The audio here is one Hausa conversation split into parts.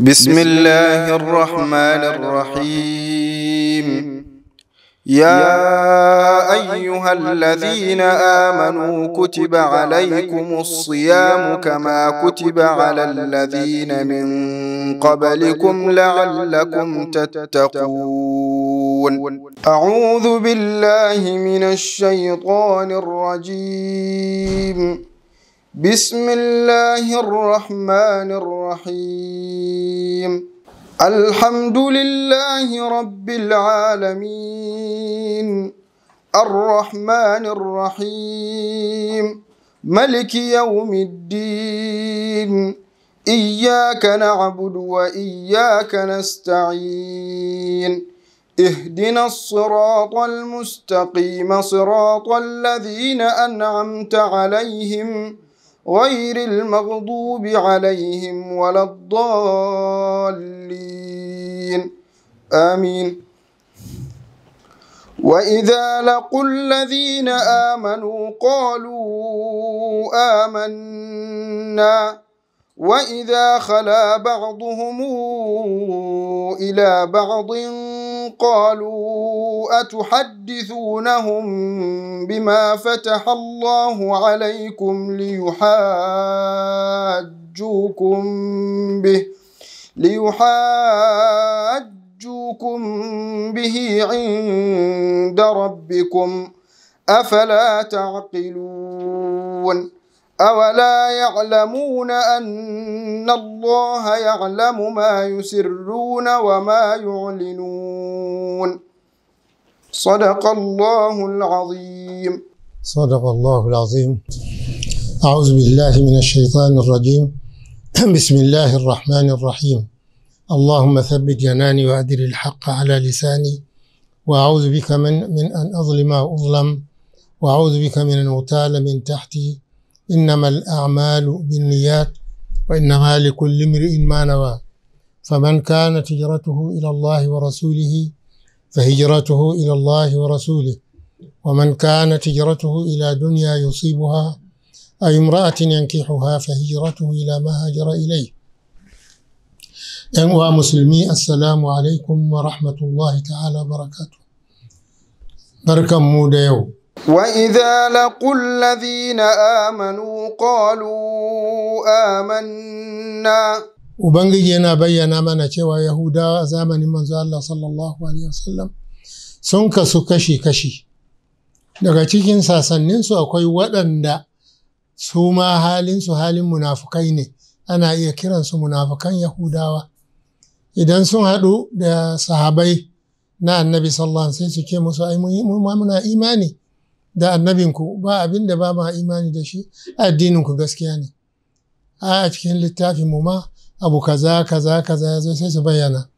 بسم الله الرحمن الرحيم يا أيها الذين آمنوا كتب عليكم الصيام كما كتب على الذين من قبلكم لعلكم تتقون أعوذ بالله من الشيطان الرجيم بسم الله الرحمن الرحيم الحمد لله رب العالمين الرحمن الرحيم ملك يوم الدين إياك نعبد وإياك نستعين اهدنا الصراط المستقيم صراط الذين أنعمت عليهم غير المغضوب عليهم ولا الضالين آمين وإذا لقوا الذين آمنوا قالوا آمنا واذا خلا بعضهم الى بعض قالوا اتحدثونهم بما فتح الله عليكم ليحاجوكم به ليحاجوكم به عند ربكم افلا تعقلون أولا يعلمون أن الله يعلم ما يسرون وما يعلنون صدق الله العظيم صدق الله العظيم أعوذ بالله من الشيطان الرجيم بسم الله الرحمن الرحيم اللهم ثبت جناني وأدر الحق على لساني وأعوذ بك من, من أن أظلم أظلم وأعوذ بك من أن أغتال من تحتي إنما الأعمال بالنيات وإنما لكل امرئ ما نوى فمن كانت هجرته إلى الله ورسوله فهجرته إلى الله ورسوله ومن كانت هجرته إلى دنيا يصيبها أي امرأة ينكحها فهجرته إلى ما هاجر إليه أيها مسلمي السلام عليكم ورحمة الله تعالى وبركاته بركة مودة يوم وإذا لقوا الذين آمنوا قالوا آمنا Ubangiji yana bayyana mana cewa Yahudawa a zamanin manzo Allah sallallahu sun kasu kashi-kashi. Daga cikin sasanninsu akwai waɗanda su ma halinsu halin munafukai ne, ana iya kiransu munafukan Yahudawa. Idan sun haɗu da sahabai na annabi sallallahu sai su ke musu ai muna imani. da annabinku ba abin da ba ma imani da shi addininku gaskiya ne a cikin littafin mu ma abu kaza kaza kaza ya zo sai su bayyana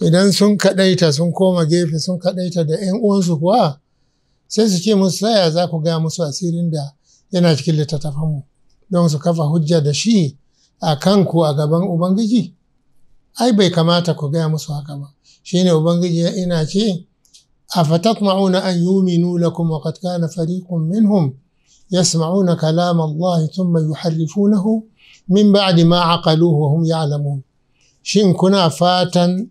idan sun kaɗaita sun koma gefe sun kaɗaita da 'yan uwansu kuwa sai su ce musu saya za ku gaya musu asirin da yana cikin littattafan mu. don su kafa hujja da shi a kanku a gaban ubangiji ai bai kamata ku gaya musu haka ba shine ubangiji ina ce أفتطمعون أن يؤمنوا لكم وقد كان فريق منهم يسمعون كلام الله ثم يحرفونه min ba'di ma aqaluhu hum ya'lamun shin kuna fatan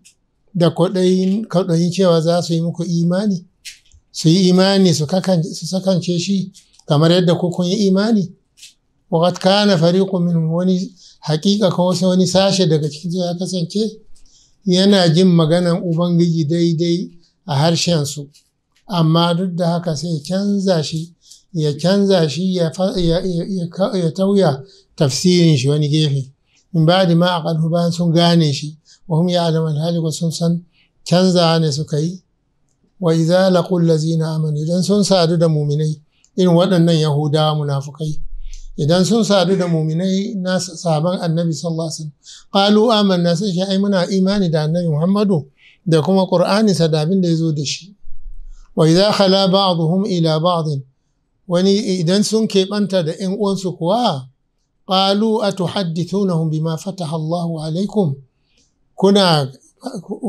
da kwaɗayin kwaɗayin cewa za su yi muku imani su yi imani su sakance shi kamar yadda ku kun yi imani waqad kana fariqun min wani haƙiƙa ko wani sashe daga cikin ya kasance yana jin maganan ubangiji daidai a harshensu amma duk da haka sai canza shi ya canza shi ya tauya tafsirin shi wani gefe in ba da ma a ƙarfi bayan sun gane shi wa hum ya alhali sun san canza ne suka yi wa idza laqul lazina amanu idan sun sadu da muminai irin waɗannan yahudawa munafukai idan sun sadu da muminai na sabon annabi sallallahu alaihi wasallam qalu amanna sai ai muna imani da annabi muhammadu da kuma ƙur'ani sadabin da ya zo da shi wa idza khala ba'dhum ila ba'd wani idan sun keɓanta da ƴan uwansu kuwa qalu atuhaddithunahum bima fataha Allahu alaikum kuna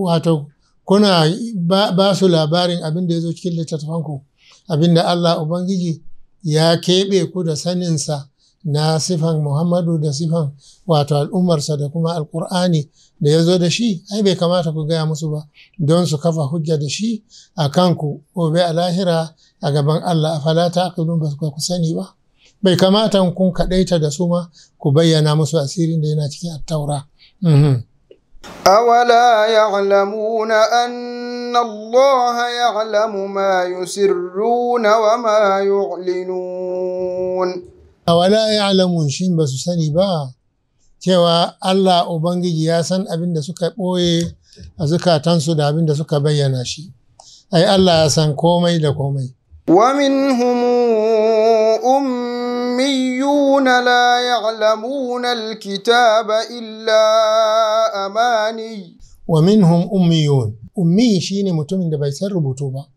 wato kuna ba su labarin abin da ya zo cikin littattafanku abin da Allah Ubangiji ya keɓe ku da saninsa na sifan Muhammadu da sifan wato al'ummarsa da kuma alkur'ani da ya zo da shi ai bai kamata ku gaya musu ba don su kafa hujja da shi a kanku gobe a lahira a gaban Allah a falata aqilun ba ku sani ba bai kamata kun kaɗaita da su ma ku bayyana musu asirin da yana cikin attaura. أولا يعلمون أن الله يعلم ما يسرون وما يعلنون a wala ya'lamun ba su sani ba cewa Allah Ubangiji ya san abin da suka ɓoye a zukatansu da abin da suka bayyana shi ai Allah ya san komai da komai wa minhum ummiyun la ya'lamun alkitaba illa amani wa minhum ummiyun ummi shine mutumin da bai san rubutu ba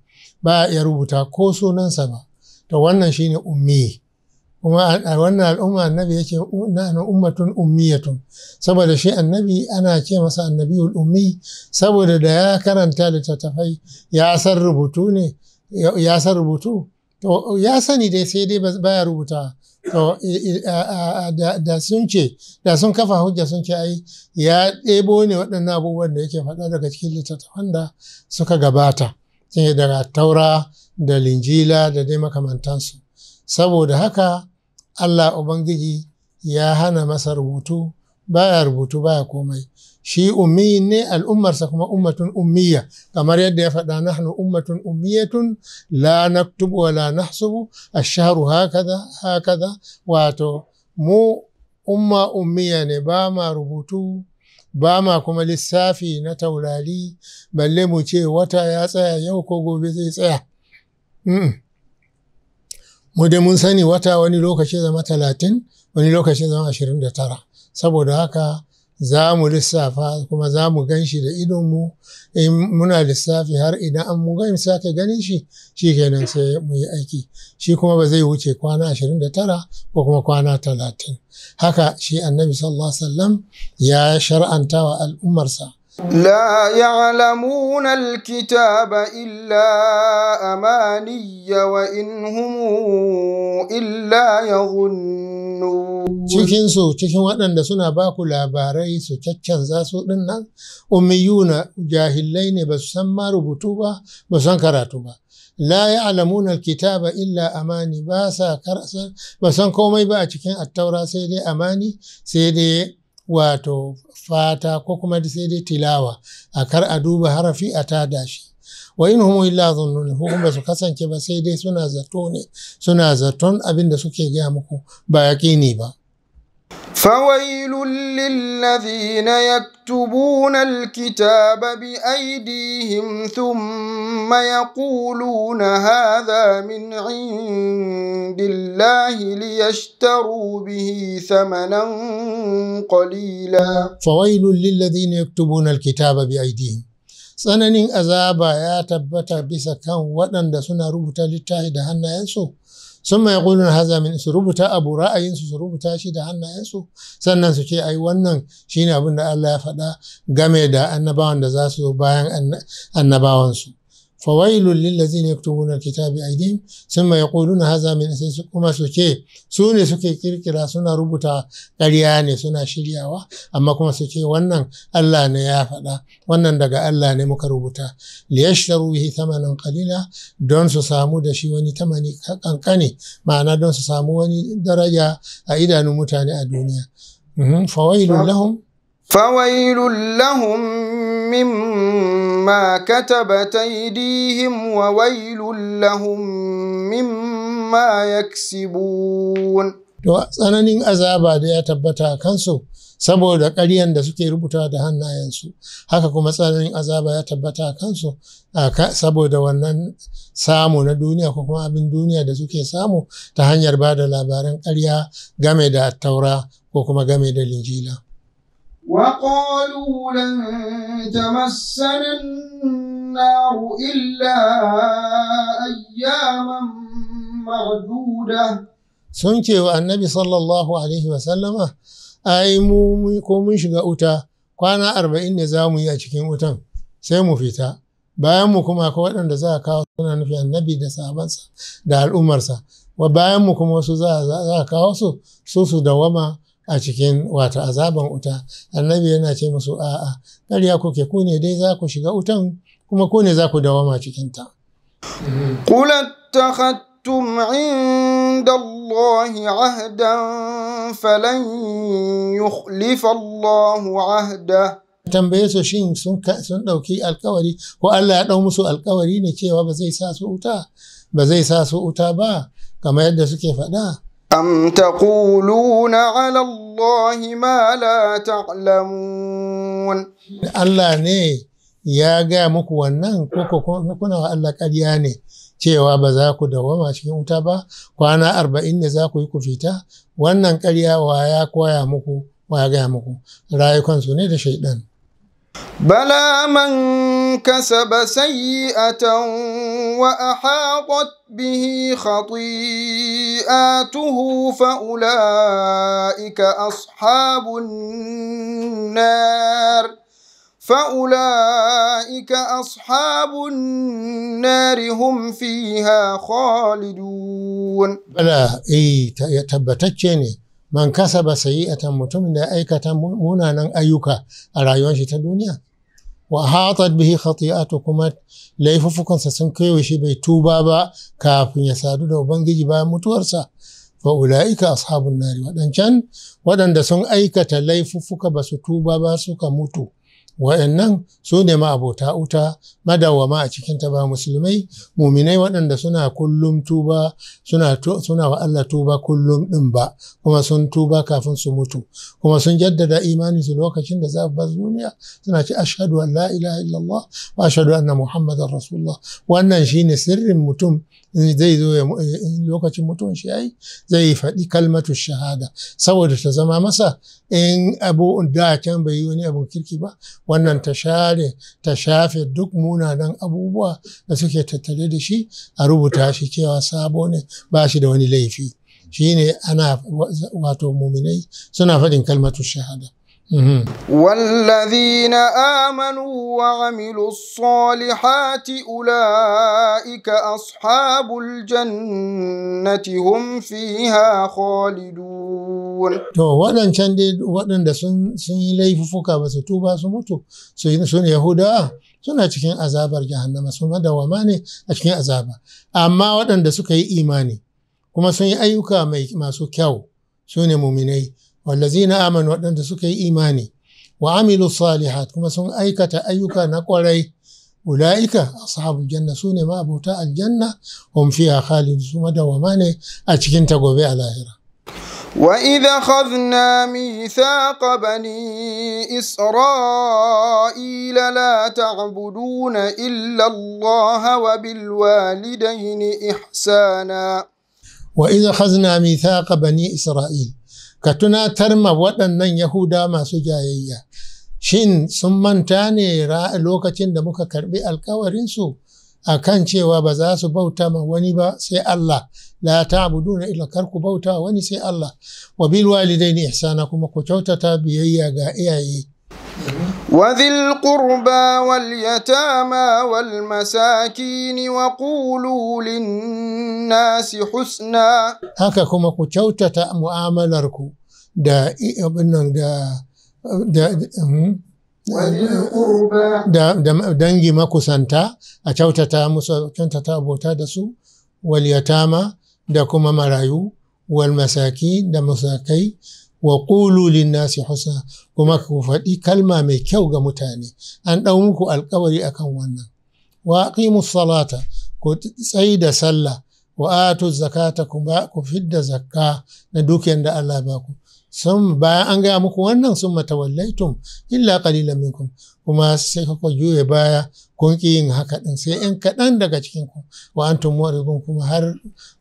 ba ya rubuta ko sunansa ba to wannan shine ummi kuma a wannan al'umma annabi yake nahnu ummatun ummiyatun saboda shi annabi ana ce masa annabi ummi saboda da ya karanta littattafai ya san rubutu ne ya san rubutu to ya sani dai sai dai baya rubuta to da sun ce da sun kafa hujja sun ce ai ya ɗebo ne waɗannan abubuwan da yake faɗa daga cikin littattafan da suka gabata daga taura da linjila da dai makamantansu saboda haka Allah Ubangiji ya hana masa rubutu baya rubutu baya komai shi ummi ne al'ummarsa kuma ummatun ummiya kamar yadda ya faɗa nahnu ummatun ummiyatun la naktubu wa la nahsubu ash-shahru hakada wato mu umma ummiya ne ba ma rubutu ba ma kuma lissafi na taurari balle mu ce wata ya tsaya yau ko gobe zai tsaya mu dai mun sani wata wani lokaci zama talatin wani lokaci zama ashirin da tara saboda haka za mu lissafa kuma za mu gan shi da idonmu in muna lissafi har idan an mu gani sake ganin shi shi kenan sai mu yi aiki shi kuma ba zai wuce kwana ashirin da tara ko kuma kwana talatin? haka shi annabi sallallahu alaihi wasallam ya shar'anta wa al'ummarsa لا يعلمون الكتاب إلا أماني وإن هم إلا يظنون cikin su cikin waɗanda suna ba ku labarai su za su ɗin nan umiyuna jahilai ne ba su san ma rubutu ba ba su san karatu ba la ya'lamuna alkitaba illa amani ba sa ba san komai ba a cikin attaura sai dai amani sai dai wato fata ko kuma sai dai tilawa a kar a duba harafi a ta dashi wa in humu illa dhunnun hukum ba su kasance ba sai dai suna zaton abin da suke gaya muku ba yaƙini ba فويل للذين يكتبون الكتاب بأيديهم ثم يقولون هذا من عند الله ليشتروا به ثمنا قليلا فويل للذين يكتبون الكتاب بأيديهم tsananin azaba ya tabbata bisa kan waɗanda suna rubuta littafi da hannayensu sun mai kulun haza min su rubuta abu ra'ayinsu su rubuta shi da hannayensu sannan su ce ai wannan shine abin da Allah ya faɗa game da annabawan da za su bayan annabawan su فويل للذين يكتبون الكتاب أيديهم ثم يقولون هذا من كما سكي سوني سكي كيركرا سونا ربطا قرياني سونا شريعوا أما كما سكي ونن الله نيافدا ونن دقا الله نمك ربطا ليشتروا به ثمنا قليلا دون سسامو دشي وني تمني كنكني معنى دون سسامو وني درجة أيدا نمتاني الدنيا فويل لهم فويل لهم مما ما كتبت أيديهم وويل لهم مما يكسبون to tsananin azaba da ya tabbata a kansu saboda ƙaryan da suke rubuta da hannayensu haka kuma tsananin azaba ya tabbata a kansu saboda wannan samu na duniya ko kuma abin duniya da suke samu ta hanyar ba da labaran ƙarya game da taura ko kuma game da linjila. وقالوا لن تمسنا النار إلا أياما معدودة sun ce wa annabi sallallahu alaihi wasallama ai mu ko mun shiga wuta kwana arba'in ne za mu yi a cikin wutan sai mu fita bayan mu kuma ko waɗanda za a kawo suna nufi annabi da sahabansa da al'ummarsa wa bayan mu kuma wasu za a kawo su su su dawama a cikin wata azaban wuta annabi yana ce musu a'a ƙarya kuke ku ne dai za ku shiga wutan kuma ku ne za ku dawama cikin ta qul attakhattum ahdan falan yukhlifa ahda tambaye su shin sun ɗauki alkawari ko Allah ya ɗau musu alkawari ne cewa ba zai sa su wuta ba zai sa su wuta ba kamar yadda suke faɗa أم تقولون على الله ما لا تعلمون الله ne ya ga muku wannan ko kuna Allah karya ne cewa ba za ku dawama cikin wuta ba kwana arba'in ne za ku yi ku fita wannan karya wa ya koya muku wa ya gaya muku rayukansu ne da shaidan بلى من كسب سيئة وأحاطت به خطيئاته فأولئك أصحاب النار فأولئك أصحاب النار هم فيها خالدون بلى إيه يتبتتشيني man kasa ba sayi sayi'atan mutumin da ya aikata munanan ayyuka a rayuwar shi ta duniya wa hatat bihi khati'atu kuma laifufukansa sun kewaye shi bai tuba ba kafin ya sadu da ubangiji bayan mutuwarsa fa ulaika ashabun nari wadancan wadanda sun aikata laifufuka ba su tuba ba suka mutu waɗannan su ne ma'abota uta madawama a cikin ta ba musulmai muminai waɗanda suna kullum tuba suna wa Allah tuba kullum ɗin ba kuma sun tuba kafin su mutu kuma sun jaddada imani su lokacin da za ba duniya suna ci ashadu an la ilaha illallah wa ashhadu anna muhammadar rasulullah wannan shine sirrin mutum zai zo eh, lokacin mutuwan shi yayi zai faɗi kalmatu shahada saboda ta zama masa in abu da can bai yi wani abun kirki ba wannan ta share ta shafe duk munanan abubuwa da suke tattare da shi a rubuta shi cewa sabo ne ba shi da wani laifi shine ana wato muminai suna faɗin kalmatu shahada Mm-hmm. والذين آمنوا وعملوا الصالحات أولئك أصحاب الجنة هم فيها خالدون to waɗancan dai waɗanda sun yi laifuffuka ba su tuba su mutu su yi sun suna cikin azabar jahannama su madawama ne a cikin azaba amma waɗanda suka yi imani kuma sun yi ayyuka masu kyau su ne muminai na amanu waɗanda suka yi imani wa amilu salihat kuma sun aikata ayyuka na ƙwarai ula'ika ashabul janna su ne ma'abuta aljanna hum fiha khalid su madawama ne a cikin ta gobe a lahira وإذا أخذنا ميثاق بني إسرائيل لا تعبدون إلا الله وبالوالدين إحسانا وإذا أخذنا ميثاق بني إسرائيل ka tunatar ma waɗannan yahuda masu jayayya shin sun manta ne lokacin da muka karbi alkawarinsu a kan cewa ba za su bauta ma wani ba sai Allah la abudu na kar ku bauta wani sai Allah wa bil ne, ihsana kuma ku kyautata biyayya ga iyaye وذي القربى واليتامى والمساكين وقولوا nasi husna. haka kuma ku kyautata mu'amalarku da abinnan hmm? da da dangi makusanta a kyautata musu kyautata abota da su kuma marayu walmasaki da musakai wa qulu linnasi husna kuma ku faɗi kalma mai kyau ga mutane an ɗau muku alkawari akan wannan wa aqimus salata ku tsayi da sallah wa atu zakata ba ku fidda zakka na dukiyar da Allah ba ku sun bayan an gaya muku wannan sun matawallaitum illa qalilan minkum kuma sai kuka juye baya kun ƙi yin haka ɗin sai yan kaɗan daga cikinku ku wa kuma har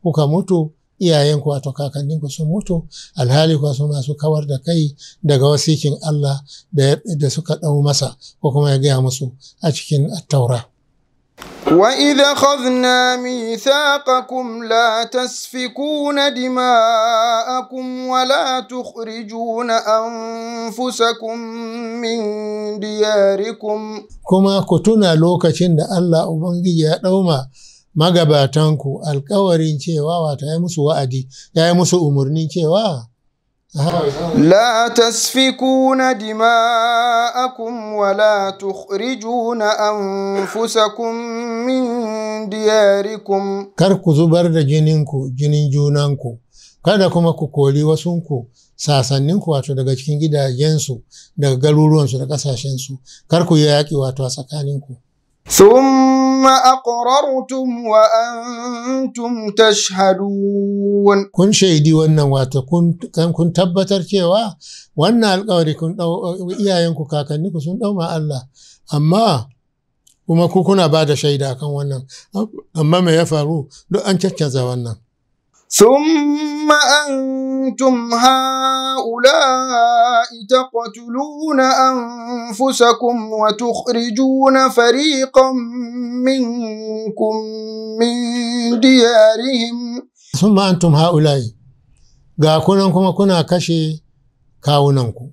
kuka mutu iyayenku wato kakanninku sun mutu alhali kuwa su masu kawar da kai daga wasikin Allah da suka ɗau masa ko kuma ya gaya musu a cikin taura. وإذا خذنا ميثاقكم لا تسفكون دماءكم ولا تخرجون أنفسكم من دياركم كما كتنا allah الله أبنجي يا magabatanku alkawarin cewa wata ya musu wa'adi ya yi musu umarnin cewa لا تسفكون دماءكم ولا تخرجون أنفسكم من دياركم jinin زبر جنينكو جنين جونانكو kada kuma ku koli wasunku sasanninku wato daga cikin gidajensu daga garuruwansu da ƙasashensu kar ku yi yaƙi wato a tsakaninku Sun ma a ƙorarmu tun wa Kun shaidu wannan wata, kun tabbatar cewa wannan alƙawari, iyayenku kakan nuku sun dauma Allah, amma kuma ku, kuna ba da shaida a kan wannan, amma me ya faru? Do an caccaza wannan. Sun ma أنتم هؤلاء تقتلون أنفسكم وتخرجون فريقا منكم من ديارهم ثم أنتم هؤلاء كما كنا كشي كاوننكم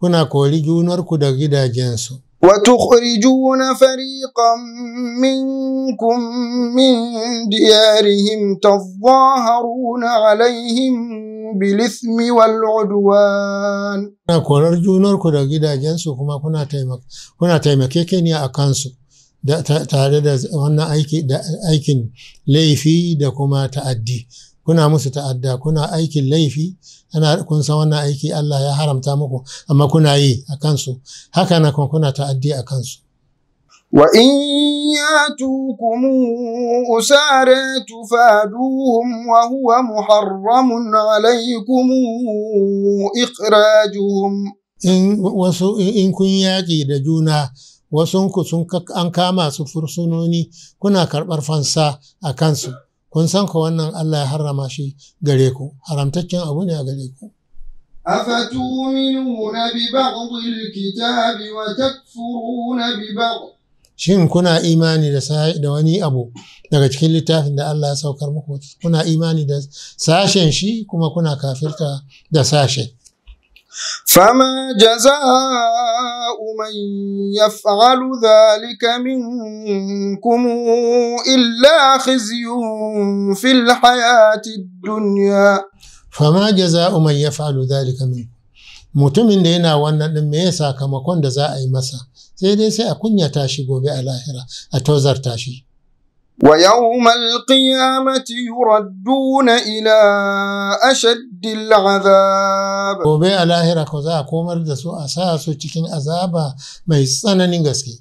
كنا كولي جونركم دا جدا جنسو وتخرجون فريقا منكم من ديارهم تظاهرون عليهم بالإثم والعدوان kuna korar junarku da gidajensu kuma kuna taimaka kuna a kansu tare da wannan aiki da aikin laifi da kuma ta'addi kuna musu ta'adda kuna aikin laifi ana kun san wannan aiki Allah ya haramta muku amma kuna yi a kansu haka na kuna ta'addi a kansu وإن ياتوكم أسارى تفادوهم وهو محرم عليكم إخراجهم in wasu in kun yaƙi da juna wasunku sun kama su fursunoni kuna karɓar fansa a kansu kun san ka wannan Allah ya harrama shi gare ku haramtaccen abu ne a gare ku أفتؤمنون ببعض الكتاب وتكفرون ببعض Shin kuna imani da da wani abu daga cikin littafin da Allah ya saukar muku kuna imani da sashen shi kuma kuna kafirta da sashen. Fama jaza man yaf'alu zalika kuma illa khizyun fil hayati duniya Fama jaza ya yaf'alu zalika minkum. mutumin da yana wannan ɗin me sakamakon da za a yi masa sai dai sai a kunyata shi gobe a lahira a tozarta shi ويوم القيامة يردون gobe a lahira ko za a komar da su a sa su cikin azaba mai tsananin gaske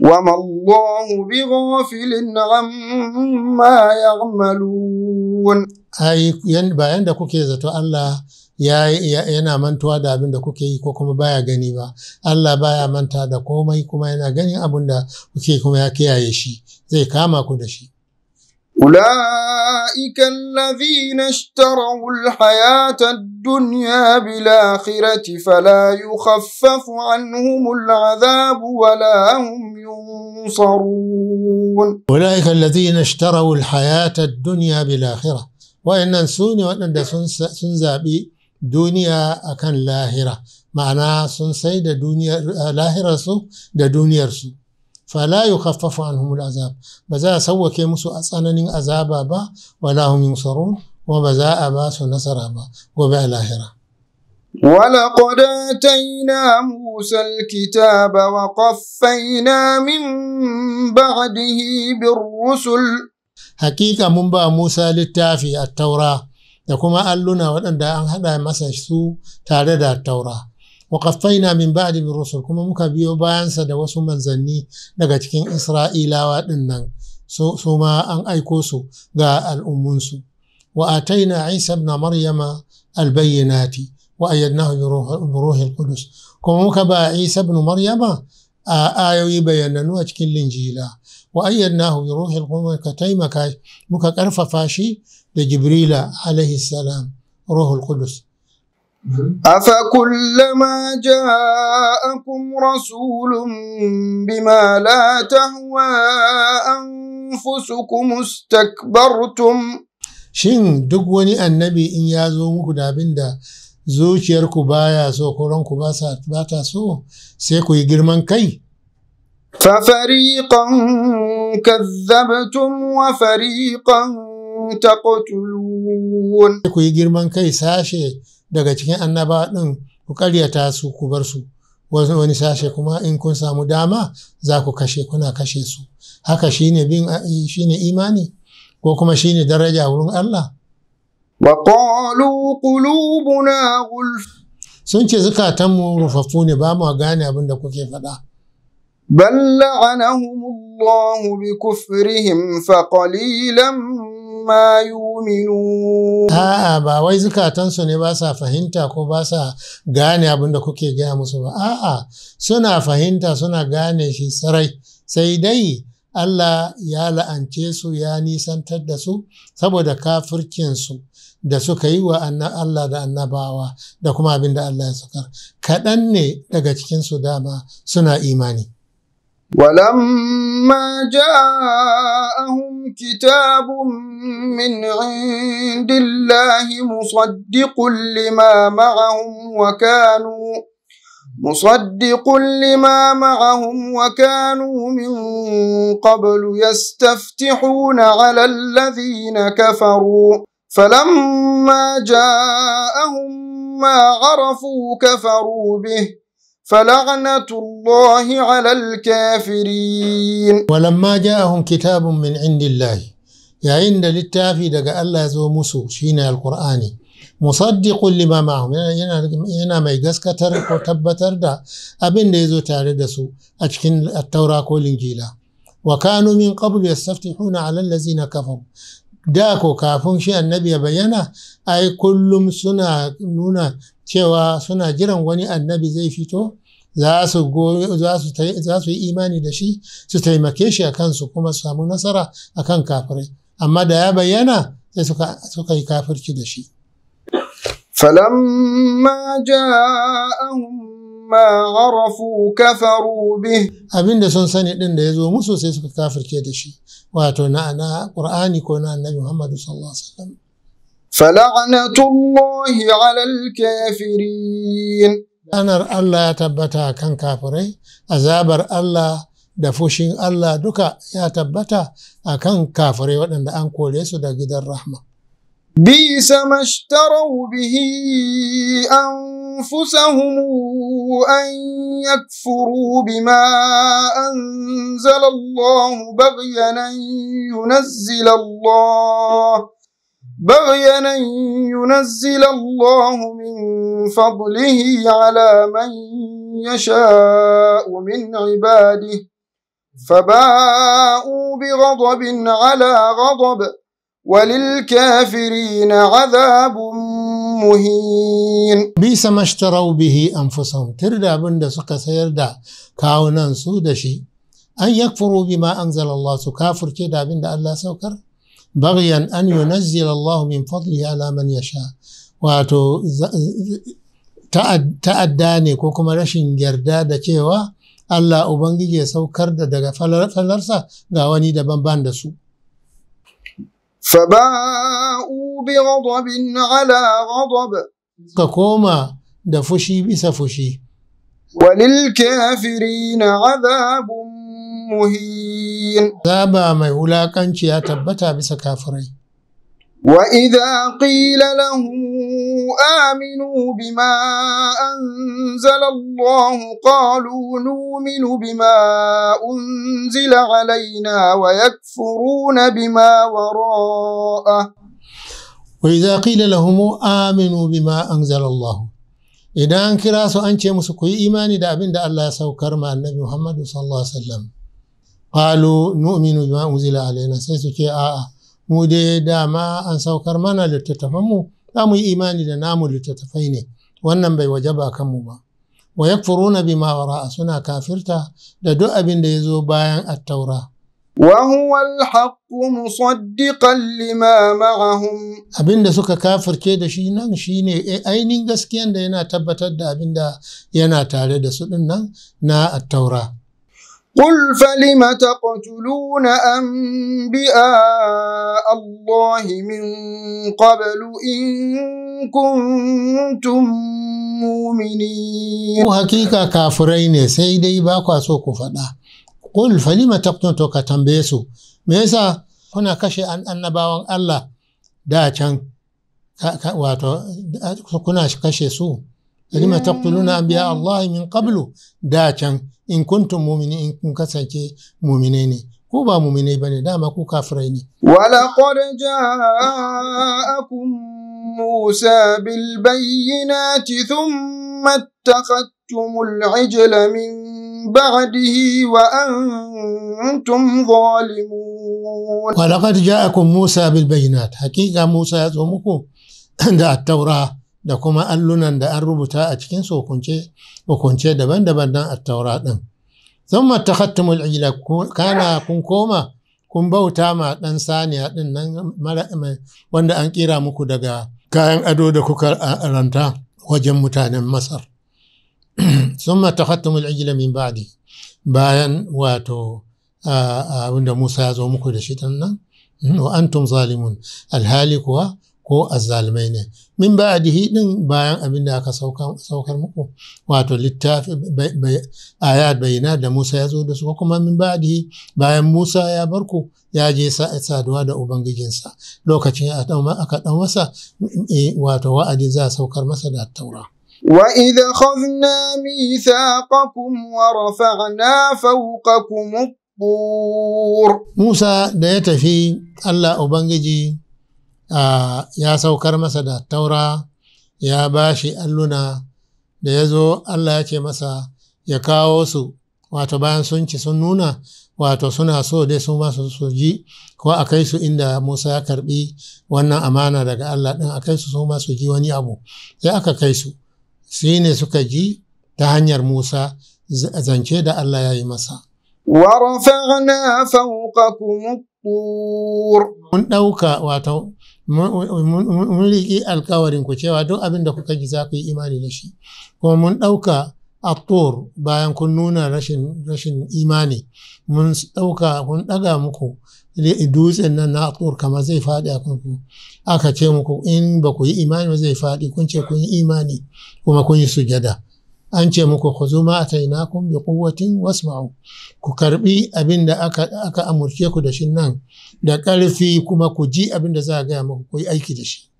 وما الله بغافل عما يعملون ai bayan da kuke zato Allah yana mantuwa da abin da kuke yi ko kuma baya gani ba Allah baya manta da komai kuma yana ganin abin da kuke kuma ya kiyaye shi zai kama ku da shi أولئك الذين اشتروا الحياة الدنيا بالآخرة فلا يخفف عنهم العذاب ولا هم ينصرون أولئك الذين اشتروا الحياة الدنيا بالآخرة وإن سوني وإن سنزابي duniya akan lahira ma'ana sun sai da eh, lahirarsu da duniyarsu fala kafafa anhum azab ba za a sauwake musu a tsananin azaba ba wala hum yunsarun kuma ba za a ba su nasara ba gobe a lahira ولقد آتينا موسى الكتاب وقفينا من بعده بالرسل حقيقة من موسى للتافي التوراة da kuma alluna waɗanda an haɗa masa su tare da taura وقفينا من بعد بالرسل Kuma muka biyo bayansa da wasu manzanni daga cikin Isra'ilawa dinnan su ma an aiko su ga al'ummunsu wa ataina Isa ibn Maryama albayyinati wa ayyadnahu bi ruhil qudus kuma muka ba Isa ibn Maryama a ayoyi bayananu a cikin linjila wa ayyadnahu bi ruhil qudus ka taimaka muka karfafa shi da jibrila alaihi salam ruhul qudus أفكلما جاءكم رسول بما لا تهوى أنفسكم استكبرتم Shin duk wani annabi in ya zo muku da abin da zuciyarku baya so ko ranku ba ta so sai ku yi girman kai? Fafariƙan kazzabtum wa fariƙan taqtulun ku yi girman kai sashe daga cikin annaba din ku karyata su ku bar su wani sashe kuma in kun samu dama za ku kashe kuna kashe su haka shine bin shine imani ko kuma shine daraja wurin Allah wa qalu qulubuna gulf sun ce zukatanmu rufaffu ne ba mu gane abin da kuke faɗa بل لعنهم الله بكفرهم فقليلا ma yuminu. A'a ba wai zukatansu ne ba sa fahimta ko ba sa gane abin da kuke gaya musu ba. A'a suna fahimta suna gane shi sarai sai dai Allah ya la'ance su ya nisantar da su saboda kafirkinsu da suka yi wa Allah da annabawa da kuma abin da Allah ya sukar. Kaɗan ne daga cikinsu dama suna imani. ولما جاءهم كتاب من عند الله مصدق لما معهم وكانوا مصدق لما معهم وكانوا من قبل يستفتحون على الذين كفروا فلما جاءهم ما عرفوا كفروا به فلعنة الله على الكافرين ولما جاءهم كتاب من عند الله يا عند للتافي دقى الله يزو مسو شينا القرآن مصدق لما معهم yana mai gaskatar ko tabbatar da abinda ya zo tare da su a cikin taura ko linjila wa kanu min qabl yastaftihuna ala allazina kafaru da ko kafin shi annabi ya bayyana ai kullum suna nuna cewa suna jiran wani annabi zai fito za su yi imani da shi su taimake shi a kansu kuma su samu nasara a kan kafirai amma da ya bayyana sai suka yi kafirci da shi falamma ma kafaru abin da sun sani din da ya zo musu sai suka kafirce da shi wato na ana qur'ani ko na annabi muhammadu sallallahu alaihi wasallam فلعنة الله على الكافرين ranar Allah ya tabbata kan kafirai, azabar Allah da fushin Allah duka ya tabbata a kan kafirai waɗanda an kore su da gidan rahma. Bisa mashtarau bihi أنفسهم أن يكفروا بما mu الله بغيا أن بغيا أن ينزل الله من فضله على من يشاء من عباده فباءوا بغضب على غضب وللكافرين عذاب muhin bisa mashtarau bihi anfusahum tir da abin da suka sayar da kawunan su da shi an yakfuru bima anzala su kafirce da abin da Allah saukar baryan an yunazzila Allah min fadlihi ala man sha wato ta'adda ne ko kuma rashin yarda da cewa Allah Ubangiji ya saukar da daga falarsa ga wani daban ban da su. Faba'u bi ghadabin ala ghadab ka koma da fushi bisa fushi. Walil kafirina azabu. muhin. Zaba mai wulakanci ya tabbata bisa kafurai. Wa idha qila lahu aminu bima anzala Allah qalu nu'minu bima unzila alaina wa yakfuruna bima wara'a Wa idha qila lahum aminu bima anzala Allah Idan kira su an ce musu kuyi imani da abin da Allah ya saukar ma Annabi Muhammad sallallahu alaihi qalu nu'minu bima unzila alaina sai su ce a'a mu da dama an saukar mana littattafanmu mu za mu yi imani da namu littattafai ne wannan bai wajaba kan mu ba wa yakfuruna bima wara'a suna kafirta da duk abin da ya zo bayan attaura taura وهو الحق مصدقا لما معهم abin da suka kafirce da shi nan shine ainihin gaskiyan da yana tabbatar da abin da yana tare da su din na attaura. قل فلم تقتلون أنبياء الله من قبل إن كنتم مؤمنين حقيقة كافرين سيدي باكوا سوكو فدا قل فلم تقتلون توكا تنبيسو ميسا هنا كشي أن النباوان الله دا كان wato kuna kashe su lima taqtuluna anbiya Allah min qablu da can in kuntum mumini in kun kasance mumine ne ko ba mumine ba ne dama ku kafirai ne. Walaƙwar ja'akun Musa bilbayyina ci sun mattakattumul ajiyar min ba'adihi wa antum zalimu. Walaƙwar ja'akun Musa bilbayyina hakika Musa ya zo muku da taura. da kuma allunan da an rubuta a cikin hukunce hukunce daban-daban don attaura ɗin. Zama ta hattumul ila kana kun koma kun bauta ma ɗan saniya ɗin nan wanda an kira muku daga kayan ado da kuka ranta wajen mutanen Masar. Summa ta hattumul ila min ba'di bayan wato abinda Musa ya zo muku da shi ɗan nan. Wa antum zalimun alhali kuwa ko azzalumai ne min dihi din bayan abin da aka saukar muku wato littafi ayat bayyana da Musa ya zo da su kuma min dihi bayan Musa ya barku ya je saduwa da ubangijinsa lokacin aka dan masa eh, wato wa'adi za a saukar masa da taura وإذا خذنا ميثاقكم ورفعنا فوقكم الطور موسى da ya tafi Allah Ubangiji ya saukar masa da taura ya ba shi alluna da ya zo Allah ya ce masa ya kawo su wato bayan sun ci sun nuna wato suna so dai su masu su ji ko a kai su inda Musa ya karbi wannan amana daga Allah ɗin a kai su su ji wani abu sai aka kai su su ne suka ji ta hanyar Musa zance da Allah ya yi masa. Warfa'na fawqakum Mun ɗauka wato mun riƙi alkawarin ku cewa duk abin da kuka ji za ku yi imani da shi kuma mun ɗauka attor bayan kun nuna rashin imani mun ɗauka kun ɗaga muku dutsen nan na attor kamar zai faɗi a kanku aka ce muku in ba ku yi imani ba zai faɗi kun ce kun yi imani kuma kun yi sujada an ce muku ku zuma a bi kuwatin wasma'u ku karbi abin da aka, aka ku da shi nan da ƙarfi kuma ku ji abin da za a gaya muku ku aiki da shi.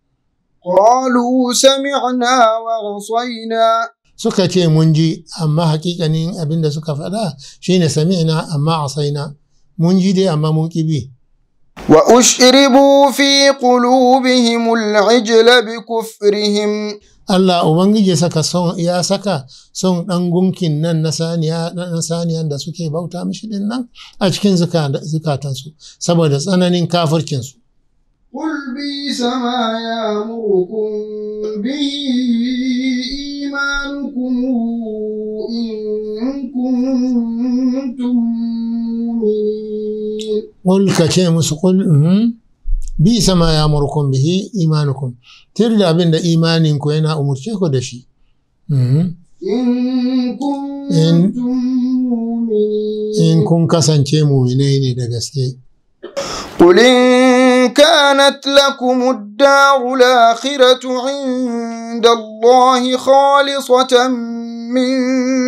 Qalu sami'na wa asaina suka ce mun ji amma hakikanin abin da suka faɗa shine sami'na amma asaina mun ji dai amma mun kibi. Wa ushribu fi qulubihim al bi kufrihim Allah Ubangiji ya saka son ɗan gunkin nan na saniyan da suke bauta mishi ɗin nan a cikin zukatansu saboda tsananin kafirkinsu Kulbi sama ya murukun bi imanukum in kuntum mu'minin. Kul ka ce musu kul hmm? bi sama ya murkun bihi imanukum tir da abin da imanin ku yana umurce ku da shi hmm. in kun kasance mumine ne da gaske قل إن كانت لكم الدار الآخرة عند الله خالصة من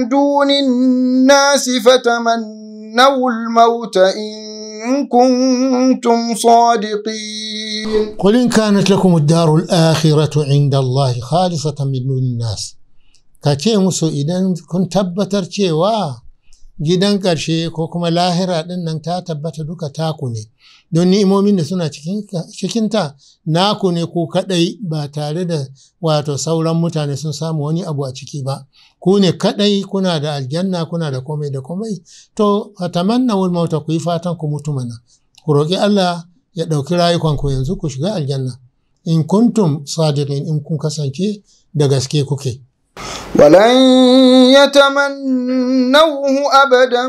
دون الناس فتمنوا الموت إن كنتم صادقين قل إن كانت لكم الدار الآخرة عند الله خالصة من دون الناس كاتي مسو إذا كنت تبتر cewa gidan ƙarshe ko kuma lahira ɗin nan ta tabbata duka taku ne don ni'imomin da suna cikinta naku ne ko kaɗai ba tare da wato sauran mutane sun samu wani abu a ciki ba ku ne kadai kuna da aljanna kuna da komai da komai to fatamanna wal mauta ku yi fatan ku mutu mana ku roki Allah ya ɗauki rayukan ku yanzu ku shiga aljanna in kuntum sadiqin in kun kasance da gaske kuke ولن يتمنوه أبدا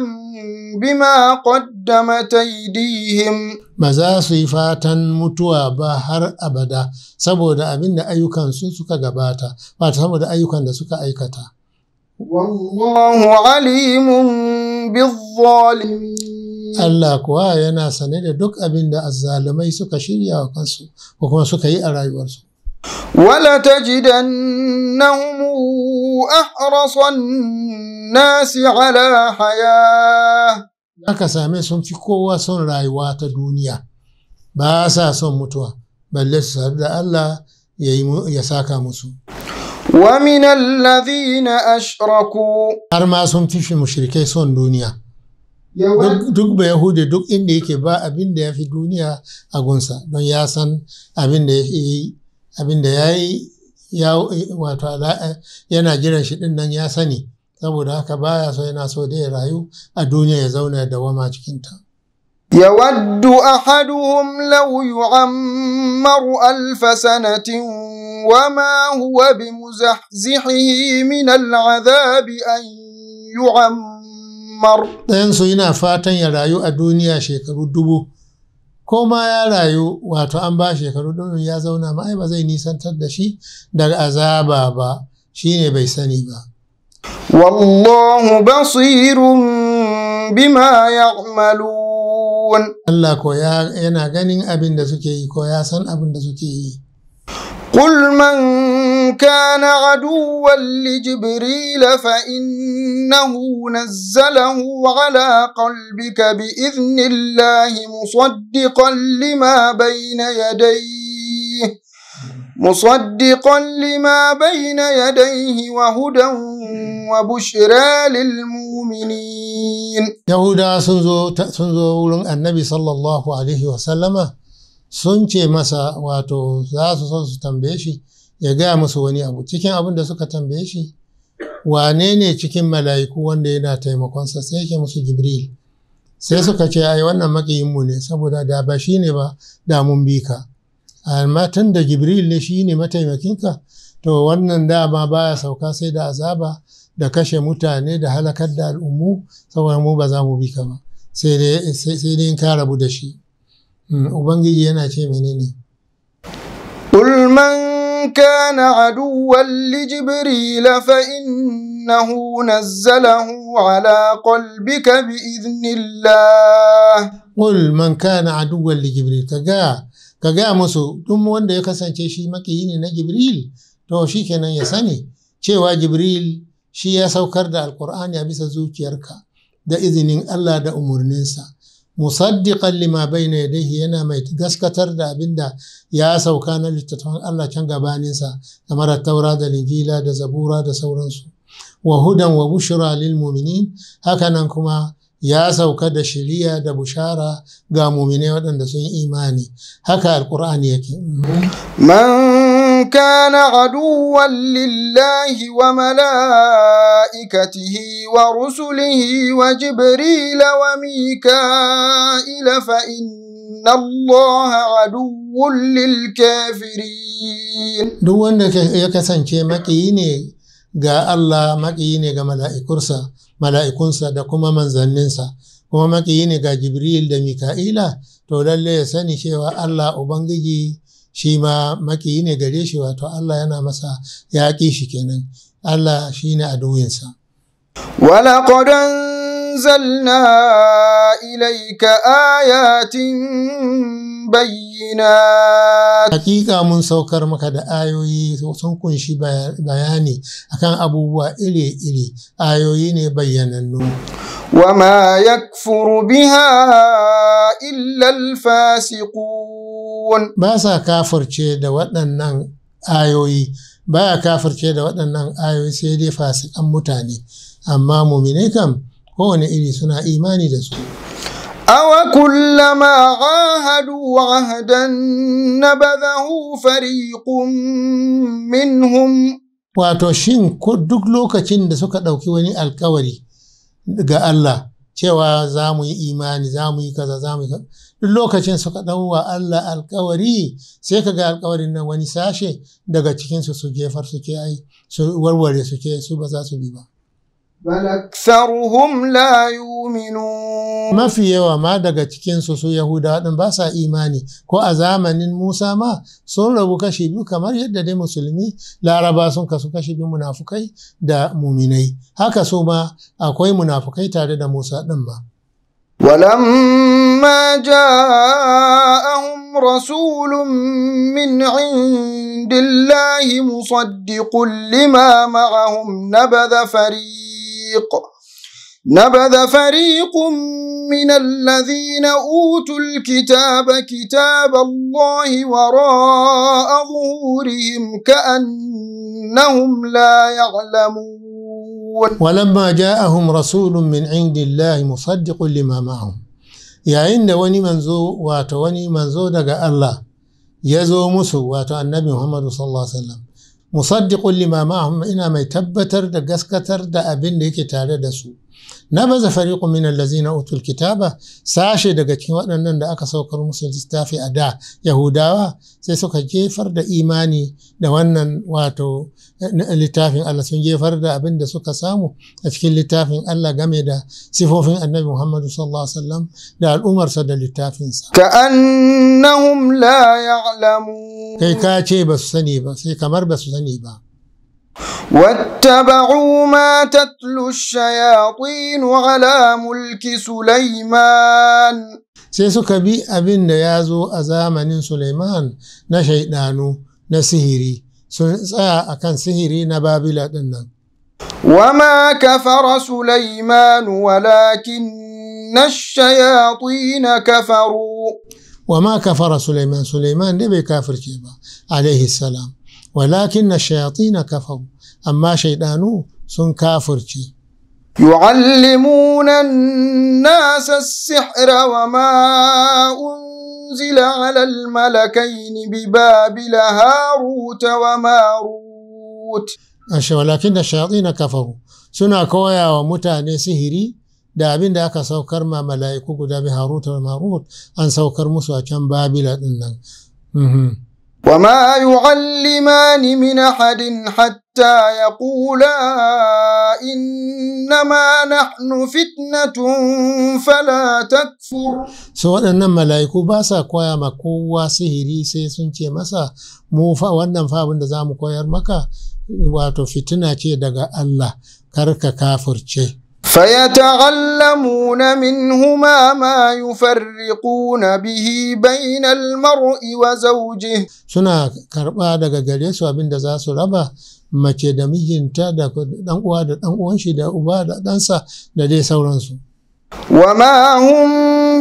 بما قدمت أيديهم ba za su yi fatan mutuwa ba har abada saboda abin da ayyukan su suka gabata ba saboda ayyukan da suka aikata wallahu alimun bizzalimin Allah kuwa yana sane da duk abin da azzalumai suka shirya wa kansu ko kuma suka yi a rayuwarsu wala tajidannahum ahrasan nasi ala haya aka same sun fi kowa son rayuwa ta duniya ba sa son mutuwa balle su da Allah ya saka musu ومن الذين أشركوا har ma sun shi mushirikai son duniya duk ba yahudi duk inda yake ba abin da ya fi duniya a gunsa don ya san abin da ya yi wato yana jiran shi din nan ya sani saboda haka baya so yana so da ya rayu a duniya ya zauna da wama cikinta يود أحدهم لو يعمر ألف سنة وما هو بمزحزحه من العذاب أن يعمر su yana fatan ya rayu a duniya shekaru dubu ko ma ya rayu wato an ba shekaru dubu ya zauna ma ba zai nisantar da shi daga azaba ba shine bai sani ba wallahu basirun bima ya'malun abubuwan. Allah ko ya yana ganin abin da suke yi ko ya san abin da suke yi. قل من كان عدوا لجبريل فإنه نزله على قلبك بإذن الله مصدقا لما بين مصدقا لما بين يديه وهدى وبشرى للمؤمنين يهودا سنزو سنزو النبي صلى الله عليه وسلم sun ce masa wato za su son su tambaye shi ya gaya musu wani abu cikin abin da suka tambaye shi wanene cikin mala'iku wanda yana taimakonsa sai yake musu jibril sai suka ce ai wannan makiyinmu ne saboda da ba shi ne ba da mun bi ka amma tun da jibril ne shi ne mataimakinka to wannan dama baya sauka sai da azaba da kashe mutane da halakar da al'ummu saboda mu ba za mu bi ka ba sai dai in ka rabu da shi hmm, ubangiji yana ce menene قل من كان عدوا لجبريل فإنه نزله على قلبك بإذن الله قل من كان عدوا لجبريل كجاه ka gaya musu duk wanda ya kasance shi makiyi ne na jibril to shi kenan ya sani cewa jibril shi ya saukar da alkur'ani a bisa zuciyarka da izinin allah da umarninsa musaddiqan lima bayna yadayhi yana mai gaskatar da abinda ya sauka na littattafan Allah can gabaninsa kamar taura da linjila da zabura da sauransu wa hudan wa bushra lil mu'minin hakanan kuma ya sauka da shiriya da bushara ga mumine waɗanda sun imani haka alkur'ani yake man kana aduwan lillahi wa mala'ikatihi wa rusulihi wa jibrila wa mika'ila fa inna allaha aduwwun lil kafirin duk wanda ya kasance maƙiyi ne ga Allah maƙiyi ne ga mala'ikursa mala'ikunsa da kuma manzanninsa kuma maƙiyi ne ga jibril da mika'ila to lalle ya sani cewa allah ubangiji shi ma makiyi ne gare shi wato allah yana masa yaƙi shi kenan allah shi shine a ولقد zalina ilai ka aya tun mun saukar maka da ayoyi da sun kunshi bayani akan abubuwa iri-iri ayoyi ne bayyanannu. wamayak furbiha illar fasikuwan. ba sa kafar da waɗannan ayoyi ba ya kafar da waɗannan ayoyi sai dai fasikan mutane amma mummine kam. kowane iri suna imani da su أو كلما عاهدوا عهدا نبذه فريق hun. wato shin duk lokacin da suka ɗauki wani alkawari ga Allah cewa za mu yi imani za mu yi kaza za mu yi kaza duk lokacin suka ɗauwa Allah alkawari sai ka ga alkawarin nan wani sashe daga cikinsu su jefar suke ai su warware suke su ba za su bi ba bal aktharuhum la yu'minun mafi yawa ma daga cikin su su yahudawa din ba sa imani ko a zamanin Musa ma sun rabu kashi biyu kamar yadda dai musulmi laraba sun kasu kashi biyu munafukai da muminai haka su ma akwai munafukai tare da Musa din ma walamma جاءهم رسول من عند الله مصدق لما معهم نبذ فريق نبذ فريق من الذين أوتوا الكتاب كتاب الله وراء ظهورهم كأنهم لا يعلمون ولما جاءهم رسول من عند الله مصدق لما معهم يا يعين وني زو واتو وني منزو دقى الله يزو مسو واتو النبي محمد صلى الله عليه وسلم musaddiqun lima ma'ahum ina mai tabbatar da gaskatar da abin da yake tare da su na baza fariqu min allazina utul kitaba sashe daga cikin waɗannan da aka saukar musu littafi a da yahudawa sai suka jefar da imani da wannan wato eh, littafin Allah sun jefar da abin da suka samu a cikin littafin Allah game da sifofin annabi Muhammadu sallallahu alaihi wasallam da al'umarsa da littafinsa ka'annahum la ya'lamun kai ka ce ba su sani ba sai kamar ba su sani ba واتبعوا ما تتلو الشياطين على ملك سليمان sai suka bi abin da ya zo a zamanin Suleiman na shaidanu na sihiri sun tsaya a kan sihiri na Babila ɗin nan. Wama kafara Suleiman walakin na shayaƙi na kafaru وما كفر سليمان سليمان نبي كافر كيبا عليه السلام ولكن الشياطين كفروا أما شيطانو سن كافر كي يعلمون الناس السحر وما أنزل على الملكين ببابل هاروت وماروت ولكن الشياطين كفروا سنا كويا ومتاني سهري Da abin da aka saukar ma mala'iku guda biyu haro to da maro, an saukar musu a can babila ladan nan. Mhm. Wa ma nemi na hadin hatta ya kula? In nama naunu fitna tun fala ta. Su waɗannan mala'iku ba sa koya ma kowa sihiri sai sun ce masa, mu wannan faɗin da za mu koyar maka? Wato fitina ce daga Allah kar ka kafur فيتعلمون منهما ما يفرقون به بين المرء zauje. suna karɓa daga gare su abin da za su raba mace da mijinta da dan uwa da dan da uwa da ɗansa da dai sauransu وما هم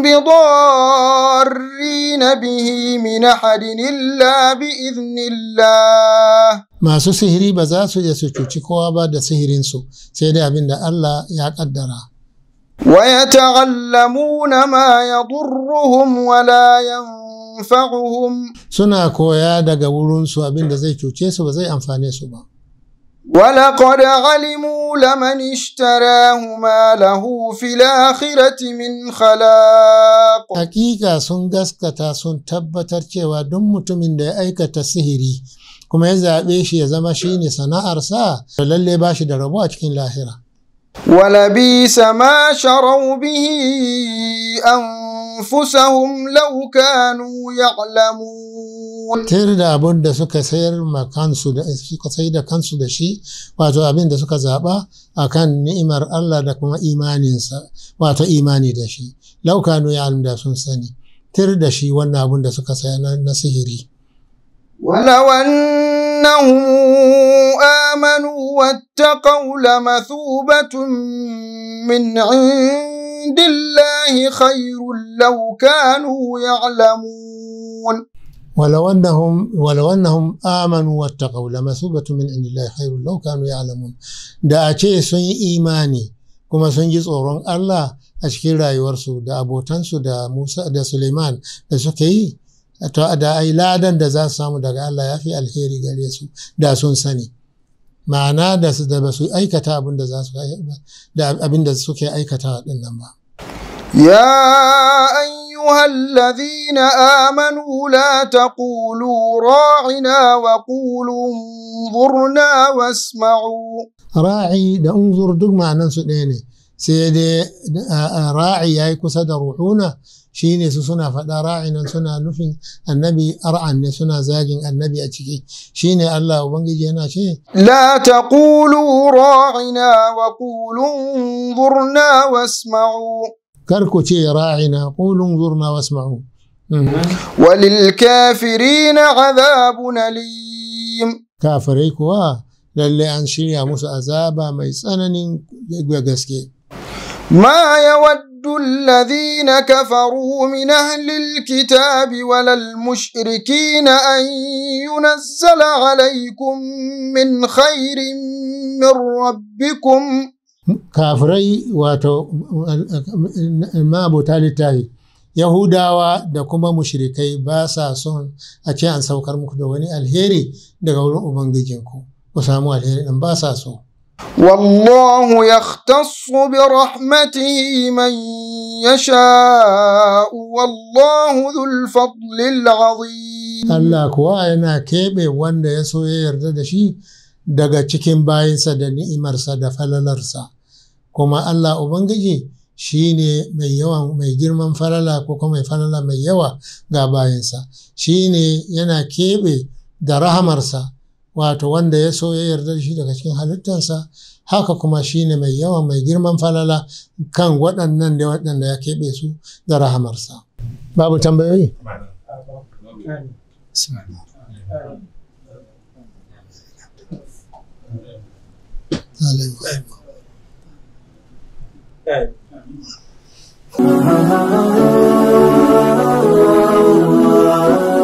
بضارين به من أحد إلا بإذن الله masu sihiri ba za su iya su cuci kowa ba da sihirinsu sai dai abin da Allah ya ƙaddara. ويتعلمون ما يضرهم ولا ينفعهم suna koya daga wurinsu abin da zai cuce su ba zai amfane su ba ولقد علموا لمن اشتراه ما له في الآخرة من خلاق Hakika sun gaskata sun tabbatar cewa don mutumin da ya aikata sihiri kuma ya zaɓe shi ya zama shi ne sana'arsa da lalle ba shi da rabo a cikin lahira. Walabi sama شروا به أنفسهم لو كانوا يعلمون تير da abin da suka sayar ma kansu da suka sayar da kansu da shi wato abin da suka a akan ni'imar Allah da kuma imaninsa wato imani da shi law kanu ya'lamun sun sani tir da shi wannan abin da suka saya na sihiri ولو أنهم آمنوا واتقوا لمثوبة من عند الله خير لو كانوا يعلمون ولو أنهم ولو أنهم آمنوا واتقوا لمثوبة من عند الله خير لو كانوا يعلمون دا أشي سن إيماني كما سن kuma sun ji tsoron Allah a cikin rayuwarsu da abotansu da Musa da Suleiman to da ai ladan da za su samu daga Allah ya fi alheri gare su da sun sani ma'ana da su da ba su aikata abin da za su da abin da suke aikata din nan ba ya يا أيها amanu la taqulu ra'ina wa qulu انظرنا wasma'u ra'i da unzur duk ma'anan su ɗaya ne sai dai ra'i yayi kusa da ruhuna shi ne su suna faɗa ra'inan suna nufin annabi ar'an ne suna zagin annabi a ciki shi ne Allah Ubangiji yana ce la taqulu ra'ina wa qulu zurna wasma'u kar ku ce ra'ina qulu zurna wasma'u hmm. walil kafirina azabun alim kafirai kuwa lalle an shirya musu azaba mai tsananin gaske ma yawaddu يود الذين كفروا من أهل الكتاب ولا المشركين أن ينزل عليكم من خير من ربكم كافري wato mabuta littafi yahudawa da kuma mushrikai ba sa son a ce an saukar muku da wani alheri daga wurin ubangijinku ku samu alheri ɗin ba sa so والله يختص برحمته من يشاء والله ذو الفضل العظيم Allah kuwa yana keɓe wanda ya so ya yarda da shi daga cikin bayansa da ni'imarsa da falalarsa kuma Allah Ubangiji shi ne mai yawan mai girman falala ko kuma mai falala mai yawa ga bayansa shi ne yana keɓe da rahamarsa wato wanda ya so ya yarda shi daga cikin halittarsa haka kuma shi ne mai yawa mai girman falala kan waɗannan da waɗanda ya keɓe su da rahamarsa. Babu tambayoyi? Oh,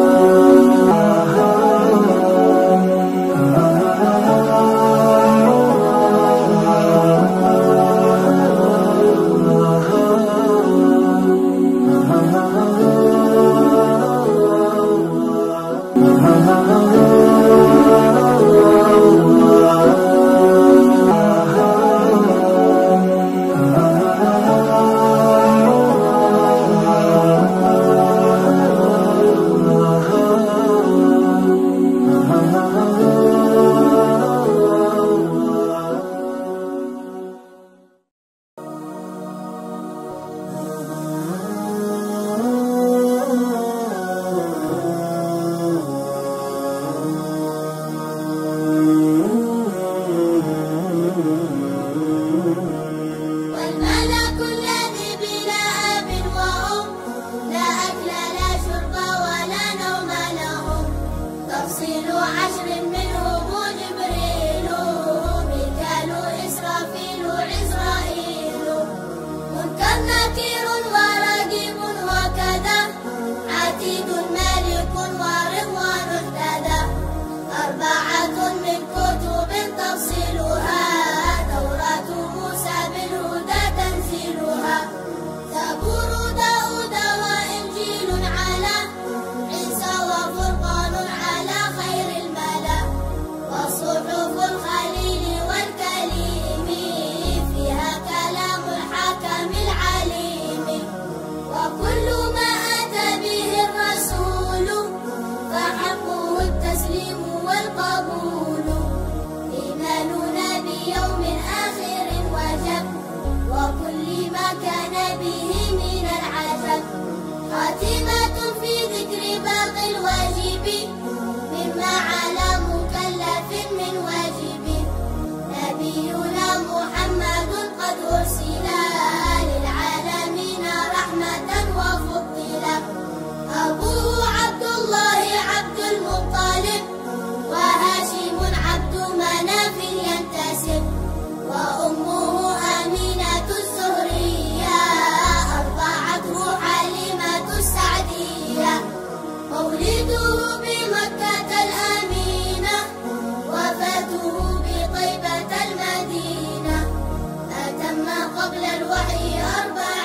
قبل الوحي أربعين